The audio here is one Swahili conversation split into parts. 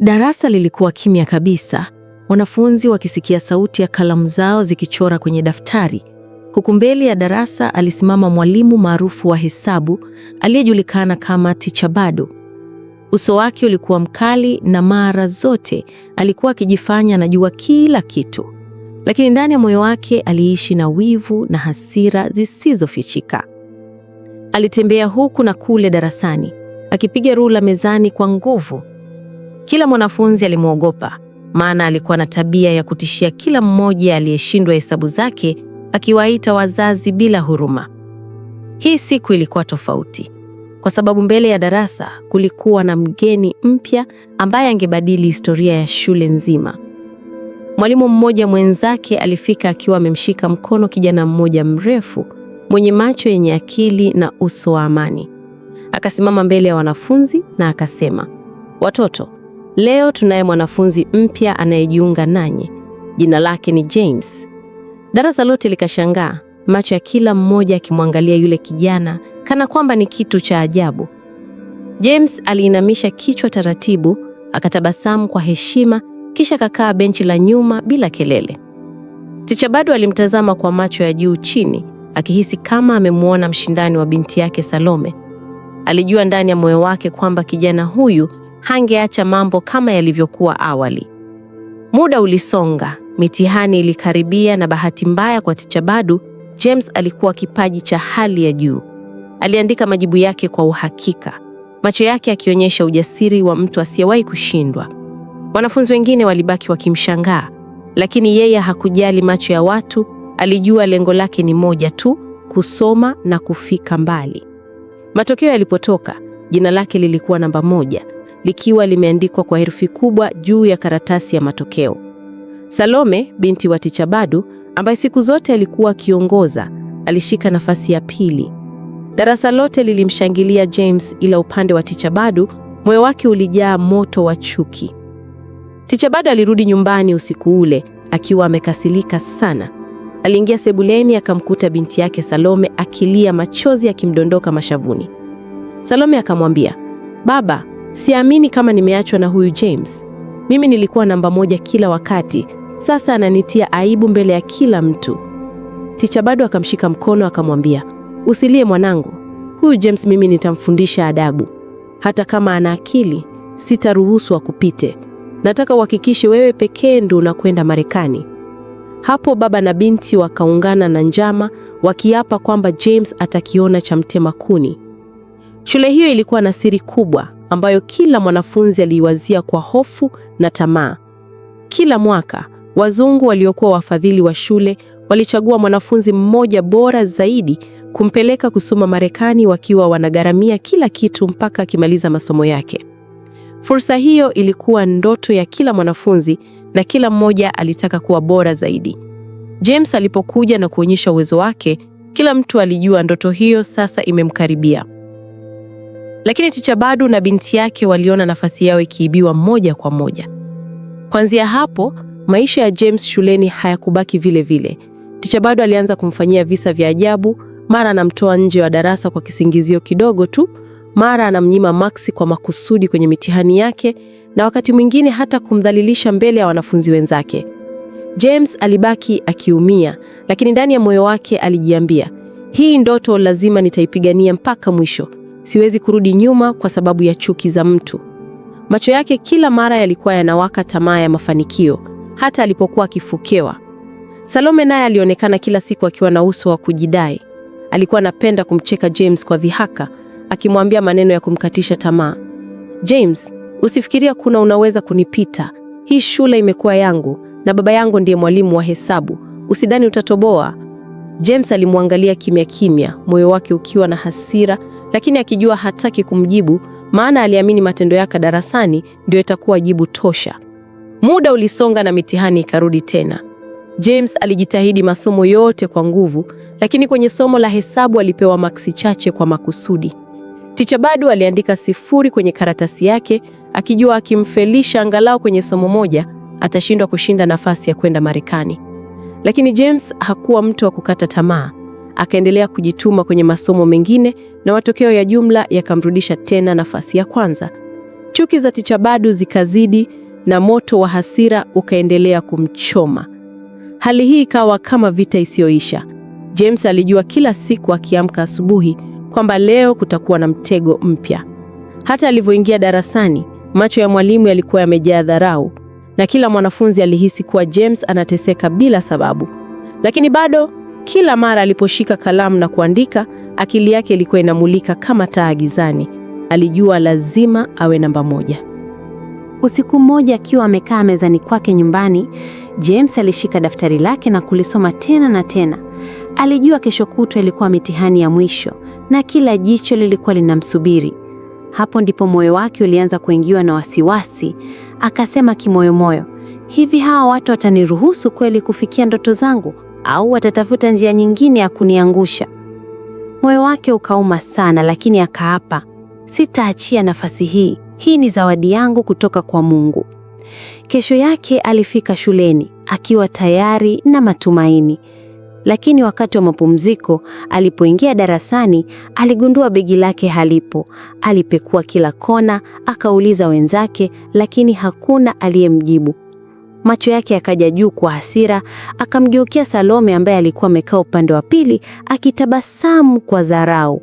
Darasa lilikuwa kimya kabisa, wanafunzi wakisikia sauti ya kalamu zao zikichora kwenye daftari, huku mbele ya darasa alisimama mwalimu maarufu wa hesabu aliyejulikana kama Ticha Bado. Uso wake ulikuwa mkali na mara zote alikuwa akijifanya anajua kila kitu, lakini ndani ya moyo wake aliishi na wivu na hasira zisizofichika. Alitembea huku na kule darasani akipiga rula mezani kwa nguvu kila mwanafunzi alimwogopa, maana alikuwa na tabia ya kutishia kila mmoja aliyeshindwa hesabu zake, akiwaita wazazi bila huruma. Hii siku ilikuwa tofauti kwa sababu mbele ya darasa kulikuwa na mgeni mpya ambaye angebadili historia ya shule nzima. Mwalimu mmoja mwenzake alifika akiwa amemshika mkono kijana mmoja mrefu mwenye macho yenye akili na uso wa amani. Akasimama mbele ya wanafunzi na akasema, watoto Leo tunaye mwanafunzi mpya anayejiunga nanyi. Jina lake ni James. Darasa lote likashangaa, macho ya kila mmoja akimwangalia yule kijana kana kwamba ni kitu cha ajabu. James aliinamisha kichwa taratibu, akatabasamu kwa heshima, kisha akakaa benchi la nyuma bila kelele. Ticha bado alimtazama kwa macho ya juu chini, akihisi kama amemwona mshindani wa binti yake Salome. Alijua ndani ya moyo wake kwamba kijana huyu hangeacha mambo kama yalivyokuwa awali. Muda ulisonga, mitihani ilikaribia, na bahati mbaya kwa Ticha Badu, James alikuwa kipaji cha hali ya juu. Aliandika majibu yake kwa uhakika, macho yake akionyesha ujasiri wa mtu asiyewahi kushindwa. Wanafunzi wengine walibaki wakimshangaa, lakini yeye hakujali macho ya watu. Alijua lengo lake ni moja tu, kusoma na kufika mbali. Matokeo yalipotoka, jina lake lilikuwa namba moja, likiwa limeandikwa kwa herufi kubwa juu ya karatasi ya matokeo. Salome binti wa Tichabadu, ambaye siku zote alikuwa akiongoza, alishika nafasi ya pili. Darasa lote lilimshangilia James, ila upande wa Tichabadu moyo wake ulijaa moto wa chuki. Tichabadu alirudi nyumbani usiku ule akiwa amekasirika sana. Aliingia sebuleni akamkuta binti yake Salome akilia, machozi akimdondoka mashavuni. Salome akamwambia, "Baba, Siamini kama nimeachwa na huyu James. Mimi nilikuwa namba moja kila wakati, sasa ananitia aibu mbele ya kila mtu. Ticha bado akamshika mkono akamwambia, usilie mwanangu, huyu James mimi nitamfundisha adabu. Hata kama ana akili sitaruhusu akupite. Nataka uhakikishe wewe pekee ndio unakwenda Marekani. Hapo baba na binti wakaungana na njama, wakiapa kwamba James atakiona cha mtema kuni. Shule hiyo ilikuwa na siri kubwa ambayo kila mwanafunzi aliiwazia kwa hofu na tamaa. Kila mwaka wazungu waliokuwa wafadhili wa shule walichagua mwanafunzi mmoja bora zaidi kumpeleka kusoma Marekani, wakiwa wanagharamia kila kitu mpaka akimaliza masomo yake. Fursa hiyo ilikuwa ndoto ya kila mwanafunzi na kila mmoja alitaka kuwa bora zaidi. James alipokuja na kuonyesha uwezo wake, kila mtu alijua ndoto hiyo sasa imemkaribia. Lakini Ticha Badu na binti yake waliona nafasi yao ikiibiwa moja kwa moja. Kuanzia hapo, maisha ya James shuleni hayakubaki vile vile. Ticha Badu alianza kumfanyia visa vya ajabu, mara anamtoa nje wa darasa kwa kisingizio kidogo tu, mara anamnyima maksi kwa makusudi kwenye mitihani yake na wakati mwingine hata kumdhalilisha mbele ya wanafunzi wenzake. James alibaki akiumia, lakini ndani ya moyo wake alijiambia, hii ndoto lazima nitaipigania mpaka mwisho. Siwezi kurudi nyuma kwa sababu ya chuki za mtu. Macho yake kila mara yalikuwa yanawaka tamaa ya mafanikio, hata alipokuwa akifukewa. Salome naye alionekana kila siku akiwa na uso wa kujidai. Alikuwa anapenda kumcheka James kwa dhihaka, akimwambia maneno ya kumkatisha tamaa. James, usifikiria kuna unaweza kunipita. Hii shule imekuwa yangu na baba yangu ndiye mwalimu wa hesabu. Usidhani utatoboa. James alimwangalia kimya kimya, moyo wake ukiwa na hasira lakini akijua hataki kumjibu, maana aliamini matendo yake darasani ndio itakuwa jibu tosha. Muda ulisonga na mitihani ikarudi tena. James alijitahidi masomo yote kwa nguvu, lakini kwenye somo la hesabu alipewa maksi chache kwa makusudi. Ticha bado aliandika sifuri kwenye karatasi yake, akijua akimfelisha angalau kwenye somo moja atashindwa kushinda nafasi ya kwenda Marekani. Lakini James hakuwa mtu wa kukata tamaa akaendelea kujituma kwenye masomo mengine na matokeo ya jumla yakamrudisha tena nafasi ya kwanza. Chuki za Ticha Badu zikazidi na moto wa hasira ukaendelea kumchoma. Hali hii ikawa kama vita isiyoisha. James alijua kila siku akiamka asubuhi kwamba leo kutakuwa na mtego mpya. Hata alivyoingia darasani, macho ya mwalimu yalikuwa yamejaa dharau na kila mwanafunzi alihisi kuwa James anateseka bila sababu, lakini bado kila mara aliposhika kalamu na kuandika, akili yake ilikuwa inamulika kama taa gizani. Alijua lazima awe namba moja. Usiku mmoja akiwa amekaa mezani kwake nyumbani, James alishika daftari lake na kulisoma tena na tena. Alijua kesho kutwa ilikuwa mitihani ya mwisho na kila jicho lilikuwa linamsubiri. Hapo ndipo moyo wake ulianza kuingiwa na wasiwasi. Akasema kimoyomoyo, hivi hawa watu wataniruhusu kweli kufikia ndoto zangu? au watatafuta njia nyingine ya kuniangusha. Moyo wake ukauma sana, lakini akaapa, sitaachia nafasi hii. Hii ni zawadi yangu kutoka kwa Mungu. Kesho yake alifika shuleni akiwa tayari na matumaini. Lakini wakati wa mapumziko, alipoingia darasani, aligundua begi lake halipo. Alipekua kila kona, akauliza wenzake, lakini hakuna aliyemjibu. Macho yake yakaja juu kwa hasira, akamgeukia Salome ambaye alikuwa amekaa upande wa pili akitabasamu kwa dharau.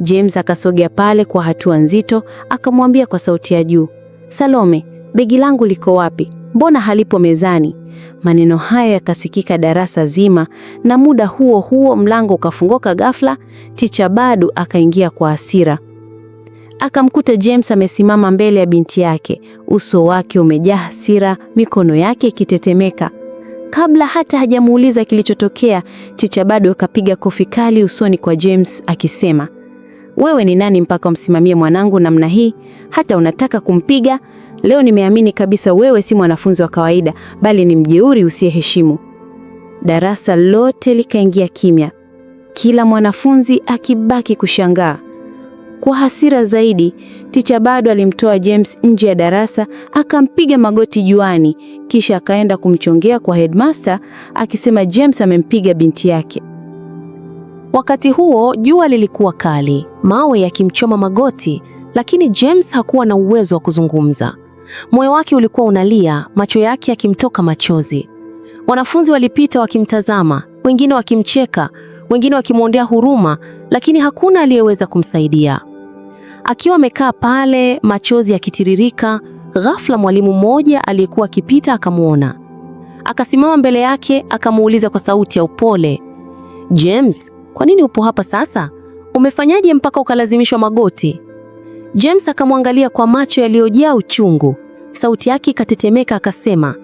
James akasogea pale kwa hatua nzito, akamwambia kwa sauti ya juu, Salome, begi langu liko wapi? Mbona halipo mezani? Maneno hayo yakasikika darasa zima, na muda huo huo mlango ukafunguka ghafla. Ticha Badu akaingia kwa hasira akamkuta James amesimama mbele ya binti yake, uso wake umejaa hasira, mikono yake ikitetemeka. Kabla hata hajamuuliza kilichotokea, Chicha bado akapiga kofi kali usoni kwa James akisema, wewe ni nani mpaka umsimamie mwanangu namna hii? Hata unataka kumpiga? Leo nimeamini kabisa wewe si mwanafunzi wa kawaida, bali ni mjeuri usiyeheshimu. Darasa lote likaingia kimya, kila mwanafunzi akibaki kushangaa. Kwa hasira zaidi, ticha bado alimtoa James nje ya darasa, akampiga magoti juani, kisha akaenda kumchongea kwa headmaster akisema James amempiga binti yake. Wakati huo jua lilikuwa kali, mawe yakimchoma magoti, lakini James hakuwa na uwezo wa kuzungumza. Moyo wake ulikuwa unalia, macho yake yakimtoka machozi. Wanafunzi walipita wakimtazama, wengine wakimcheka, wengine wakimwondea huruma, lakini hakuna aliyeweza kumsaidia. Akiwa amekaa pale, machozi yakitiririka, ghafla mwalimu mmoja aliyekuwa akipita akamwona, akasimama mbele yake, akamuuliza kwa sauti ya upole, James, kwa nini upo hapa sasa? Umefanyaje mpaka ukalazimishwa magoti? James akamwangalia kwa macho yaliyojaa uchungu, sauti yake ikatetemeka, akasema,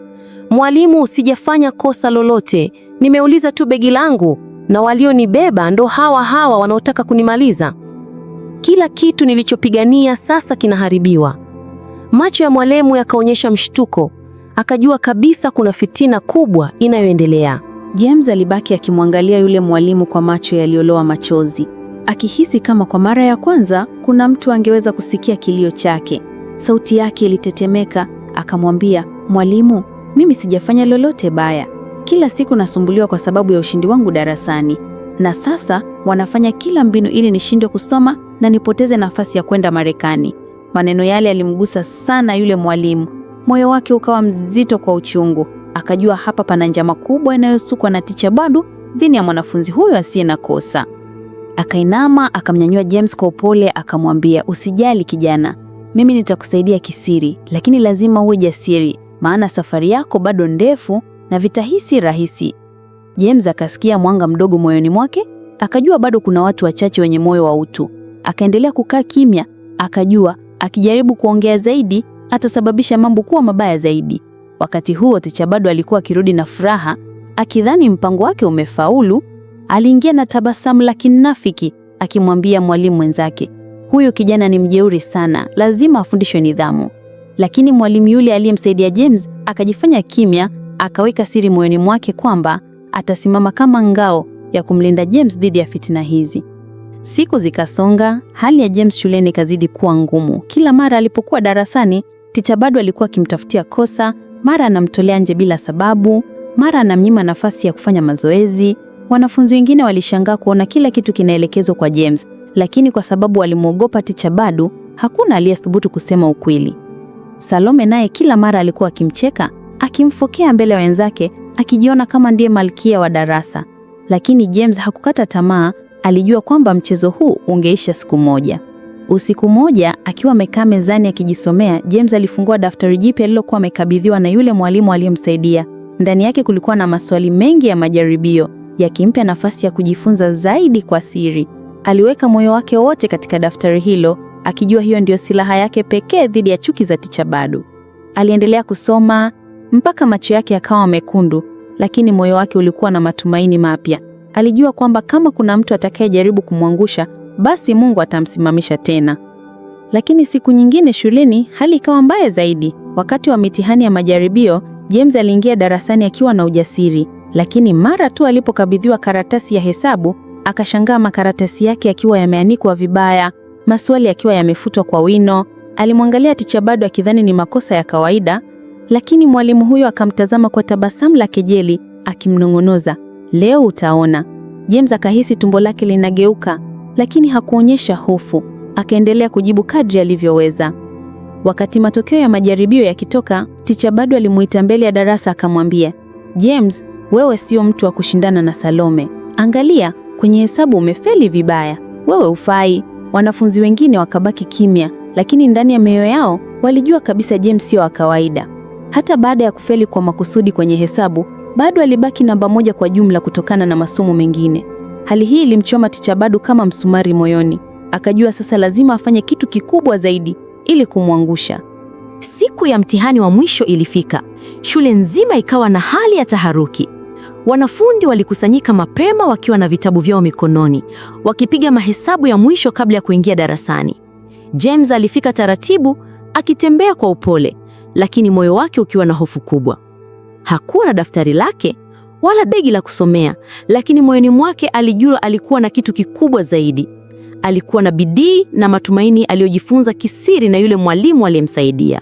mwalimu, sijafanya kosa lolote, nimeuliza tu begi langu na walionibeba ndo hawa hawa wanaotaka kunimaliza. Kila kitu nilichopigania sasa kinaharibiwa. Macho ya mwalimu yakaonyesha mshtuko, akajua kabisa kuna fitina kubwa inayoendelea. James alibaki akimwangalia yule mwalimu kwa macho yaliyoloa machozi, akihisi kama kwa mara ya kwanza kuna mtu angeweza kusikia kilio chake. Sauti yake ilitetemeka, akamwambia, "Mwalimu, mimi sijafanya lolote baya. Kila siku nasumbuliwa kwa sababu ya ushindi wangu darasani, na sasa wanafanya kila mbinu ili nishindwe kusoma na nipoteze nafasi ya kwenda Marekani. Maneno yale yalimgusa sana yule mwalimu, moyo wake ukawa mzito kwa uchungu. Akajua hapa pana njama kubwa inayosukwa na ticha Badu dhini ya mwanafunzi huyo asiye na kosa. Akainama akamnyanyua James kwa upole, akamwambia usijali kijana, mimi nitakusaidia kisiri, lakini lazima uwe jasiri, maana safari yako bado ndefu na vita hii si rahisi. James akasikia mwanga mdogo moyoni mwake, akajua bado kuna watu wachache wenye moyo wa utu. Akaendelea kukaa kimya, akajua akijaribu kuongea zaidi atasababisha mambo kuwa mabaya zaidi. Wakati huo Ticha bado alikuwa akirudi na furaha, akidhani mpango wake umefaulu. Aliingia na tabasamu la kinafiki akimwambia mwalimu mwenzake, huyu kijana ni mjeuri sana, lazima afundishwe nidhamu. Lakini mwalimu yule aliyemsaidia James akajifanya kimya, akaweka siri moyoni mwake kwamba atasimama kama ngao ya kumlinda James dhidi ya fitina hizi. Siku zikasonga, hali ya James shuleni ikazidi kuwa ngumu. Kila mara alipokuwa darasani, ticha bado alikuwa akimtafutia kosa, mara anamtolea nje bila sababu, mara anamnyima nafasi ya kufanya mazoezi. Wanafunzi wengine walishangaa kuona kila kitu kinaelekezwa kwa James, lakini kwa sababu walimwogopa ticha bado, hakuna aliyethubutu kusema ukweli. Salome naye kila mara alikuwa akimcheka, akimfokea mbele ya wenzake, akijiona kama ndiye malkia wa darasa. Lakini James hakukata tamaa, Alijua kwamba mchezo huu ungeisha siku moja. Usiku moja akiwa amekaa mezani akijisomea, James alifungua daftari jipya alilokuwa amekabidhiwa na yule mwalimu aliyemsaidia. Ndani yake kulikuwa na maswali mengi ya majaribio, yakimpa nafasi ya kujifunza zaidi kwa siri. Aliweka moyo wake wote katika daftari hilo, akijua hiyo ndiyo silaha yake pekee dhidi ya chuki za ticha Badu. Aliendelea kusoma mpaka macho yake yakawa mekundu, lakini moyo wake ulikuwa na matumaini mapya. Alijua kwamba kama kuna mtu atakayejaribu kumwangusha, basi Mungu atamsimamisha tena. Lakini siku nyingine shuleni hali ikawa mbaya zaidi. Wakati wa mitihani ya majaribio, James aliingia darasani akiwa na ujasiri, lakini mara tu alipokabidhiwa karatasi ya hesabu, akashangaa makaratasi yake yakiwa yameanikwa vibaya, maswali yakiwa yamefutwa kwa wino. Alimwangalia ticha bado akidhani ni makosa ya kawaida, lakini mwalimu huyo akamtazama kwa tabasamu la kejeli akimnong'onoza, Leo utaona. James akahisi tumbo lake linageuka, lakini hakuonyesha hofu, akaendelea kujibu kadri alivyoweza. Wakati matokeo ya majaribio yakitoka, ticha bado alimuita mbele ya darasa akamwambia, James, wewe sio mtu wa kushindana na Salome. Angalia, kwenye hesabu umefeli vibaya, wewe ufai. Wanafunzi wengine wakabaki kimya, lakini ndani ya mioyo yao walijua kabisa James sio wa kawaida. Hata baada ya kufeli kwa makusudi kwenye hesabu, Badu alibaki namba moja kwa jumla kutokana na masomo mengine. Hali hii ilimchoma ticha Badu kama msumari moyoni. Akajua sasa lazima afanye kitu kikubwa zaidi ili kumwangusha. Siku ya mtihani wa mwisho ilifika. Shule nzima ikawa na hali ya taharuki. wanafundi walikusanyika mapema wakiwa na vitabu vyao mikononi, wakipiga mahesabu ya mwisho kabla ya kuingia darasani. James alifika taratibu, akitembea kwa upole, lakini moyo wake ukiwa na hofu kubwa. Hakuwa na daftari lake wala begi la kusomea, lakini moyoni mwake alijua alikuwa na kitu kikubwa zaidi. Alikuwa na bidii na matumaini aliyojifunza kisiri na yule mwalimu aliyemsaidia.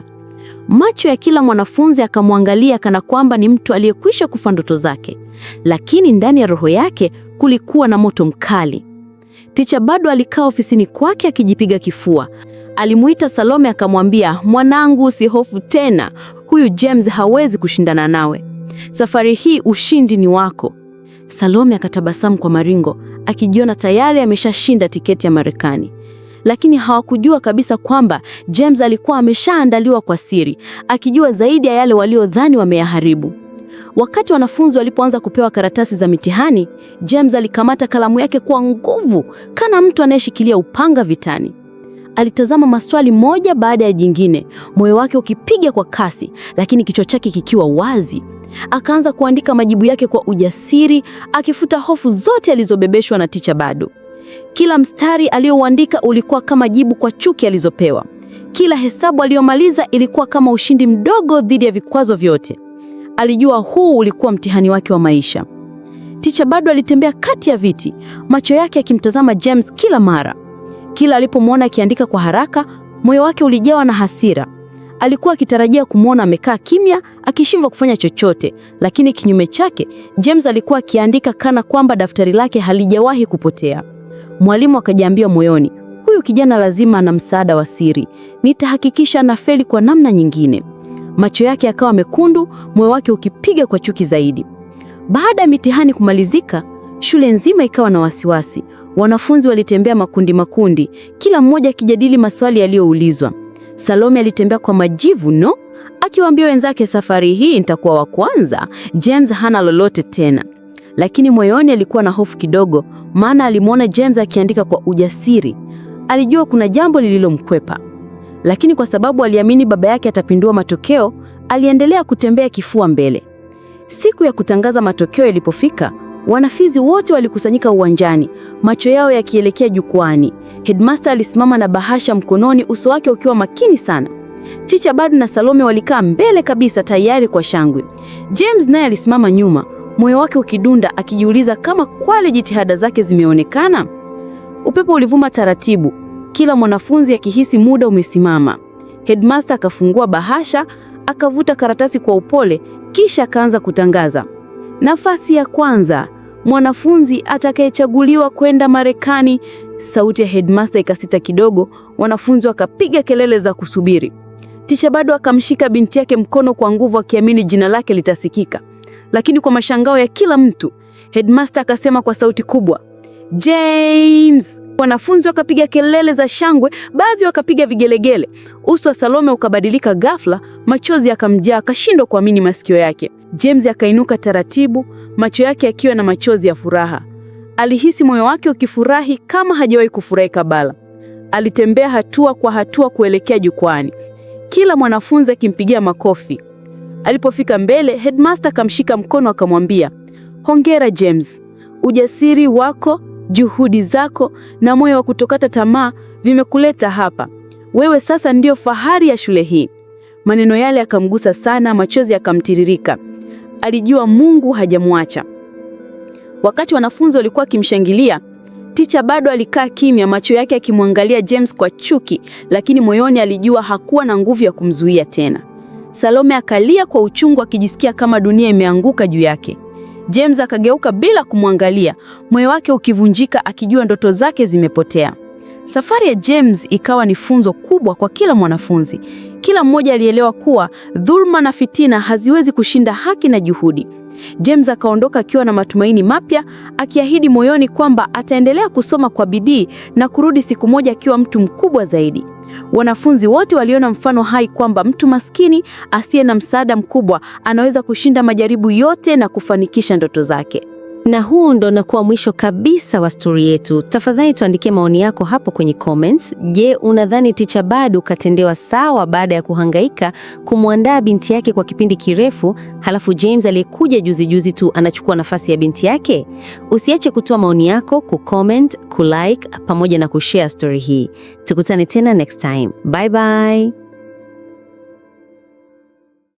Macho ya kila mwanafunzi akamwangalia kana kwamba ni mtu aliyekwisha kufa ndoto zake, lakini ndani ya roho yake kulikuwa na moto mkali. Ticha bado alikaa ofisini kwake akijipiga kifua. Alimuita Salome akamwambia, mwanangu, usihofu tena, huyu James hawezi kushindana nawe. Safari hii ushindi ni wako. Salome akatabasamu kwa maringo, akijiona tayari ameshashinda tiketi ya Marekani. Lakini hawakujua kabisa kwamba James alikuwa ameshaandaliwa kwa siri, akijua zaidi ya yale waliodhani wameyaharibu. Wakati wanafunzi walipoanza kupewa karatasi za mitihani, James alikamata kalamu yake kwa nguvu, kana mtu anayeshikilia upanga vitani. Alitazama maswali moja baada ya jingine, moyo wake ukipiga kwa kasi, lakini kichwa chake kikiwa wazi. Akaanza kuandika majibu yake kwa ujasiri, akifuta hofu zote alizobebeshwa na ticha bado. Kila mstari aliyouandika ulikuwa kama jibu kwa chuki alizopewa. Kila hesabu aliyomaliza ilikuwa kama ushindi mdogo dhidi ya vikwazo vyote. Alijua huu ulikuwa mtihani wake wa maisha. Ticha bado alitembea kati ya viti, macho yake yakimtazama James kila mara. Kila alipomwona akiandika kwa haraka, moyo wake ulijawa na hasira. Alikuwa akitarajia kumwona amekaa kimya, akishindwa kufanya chochote, lakini kinyume chake, James alikuwa akiandika kana kwamba daftari lake halijawahi kupotea. Mwalimu akajiambia moyoni, huyu kijana lazima ana msaada wa siri, nitahakikisha anafeli kwa namna nyingine. Macho yake yakawa mekundu, moyo wake ukipiga kwa chuki zaidi. Baada ya mitihani kumalizika, shule nzima ikawa na wasiwasi. Wanafunzi walitembea makundi makundi, kila mmoja akijadili maswali yaliyoulizwa. Salome alitembea kwa majivu no, akiwaambia wenzake, safari hii nitakuwa wa kwanza, James hana lolote tena. Lakini moyoni alikuwa na hofu kidogo, maana alimwona James akiandika kwa ujasiri. Alijua kuna jambo lililomkwepa lakini kwa sababu aliamini baba yake atapindua matokeo, aliendelea kutembea kifua mbele. Siku ya kutangaza matokeo ilipofika, wanafunzi wote walikusanyika uwanjani, macho yao yakielekea jukwani. Headmaster alisimama na bahasha mkononi, uso wake ukiwa makini sana. Ticha Bado na Salome walikaa mbele kabisa, tayari kwa shangwe. James naye alisimama nyuma, moyo wake ukidunda, akijiuliza kama kwale jitihada zake zimeonekana. Upepo ulivuma taratibu kila mwanafunzi akihisi muda umesimama. Headmaster akafungua bahasha, akavuta karatasi kwa upole, kisha akaanza kutangaza. Nafasi ya kwanza, mwanafunzi atakayechaguliwa kwenda Marekani. Sauti ya headmaster ikasita kidogo, wanafunzi wakapiga kelele za kusubiri. Tisha bado akamshika binti yake mkono kwa nguvu, akiamini jina lake litasikika. Lakini kwa mashangao ya kila mtu, headmaster akasema kwa sauti kubwa, James! Wanafunzi wakapiga kelele za shangwe, baadhi wakapiga vigelegele. Uso wa Salome ukabadilika ghafla, machozi yakamjaa, akashindwa kuamini masikio yake. James akainuka taratibu, macho yake yakiwa na machozi ya furaha. Alihisi moyo wake ukifurahi kama hajawahi kufurahi kabla. Alitembea hatua kwa hatua kuelekea jukwani, kila mwanafunzi akimpigia makofi. Alipofika mbele, headmaster akamshika mkono akamwambia, hongera James, ujasiri wako juhudi zako na moyo wa kutokata tamaa vimekuleta hapa. Wewe sasa ndiyo fahari ya shule hii. Maneno yale yakamgusa sana, machozi yakamtiririka. Alijua Mungu hajamwacha. Wakati wanafunzi walikuwa wakimshangilia, ticha bado alikaa kimya, macho yake akimwangalia James kwa chuki, lakini moyoni alijua hakuwa na nguvu ya kumzuia tena. Salome akalia kwa uchungu, akijisikia kama dunia imeanguka juu yake. James akageuka bila kumwangalia, moyo wake ukivunjika, akijua ndoto zake zimepotea. Safari ya James ikawa ni funzo kubwa kwa kila mwanafunzi. Kila mmoja alielewa kuwa dhulma na fitina haziwezi kushinda haki na juhudi. James akaondoka akiwa na matumaini mapya, akiahidi moyoni kwamba ataendelea kusoma kwa bidii na kurudi siku moja akiwa mtu mkubwa zaidi. Wanafunzi wote waliona mfano hai kwamba mtu maskini asiye na msaada mkubwa anaweza kushinda majaribu yote na kufanikisha ndoto zake. Na huu ndo unakuwa mwisho kabisa wa stori yetu. Tafadhali tuandikie maoni yako hapo kwenye comments. Je, unadhani Ticha Badu katendewa sawa baada ya kuhangaika kumwandaa binti yake kwa kipindi kirefu, halafu James aliyekuja juzi juzi tu anachukua nafasi ya binti yake? Usiache kutoa maoni yako, kucomment, kulike pamoja na kushare stori hii. Tukutane tena next time. Bye bye.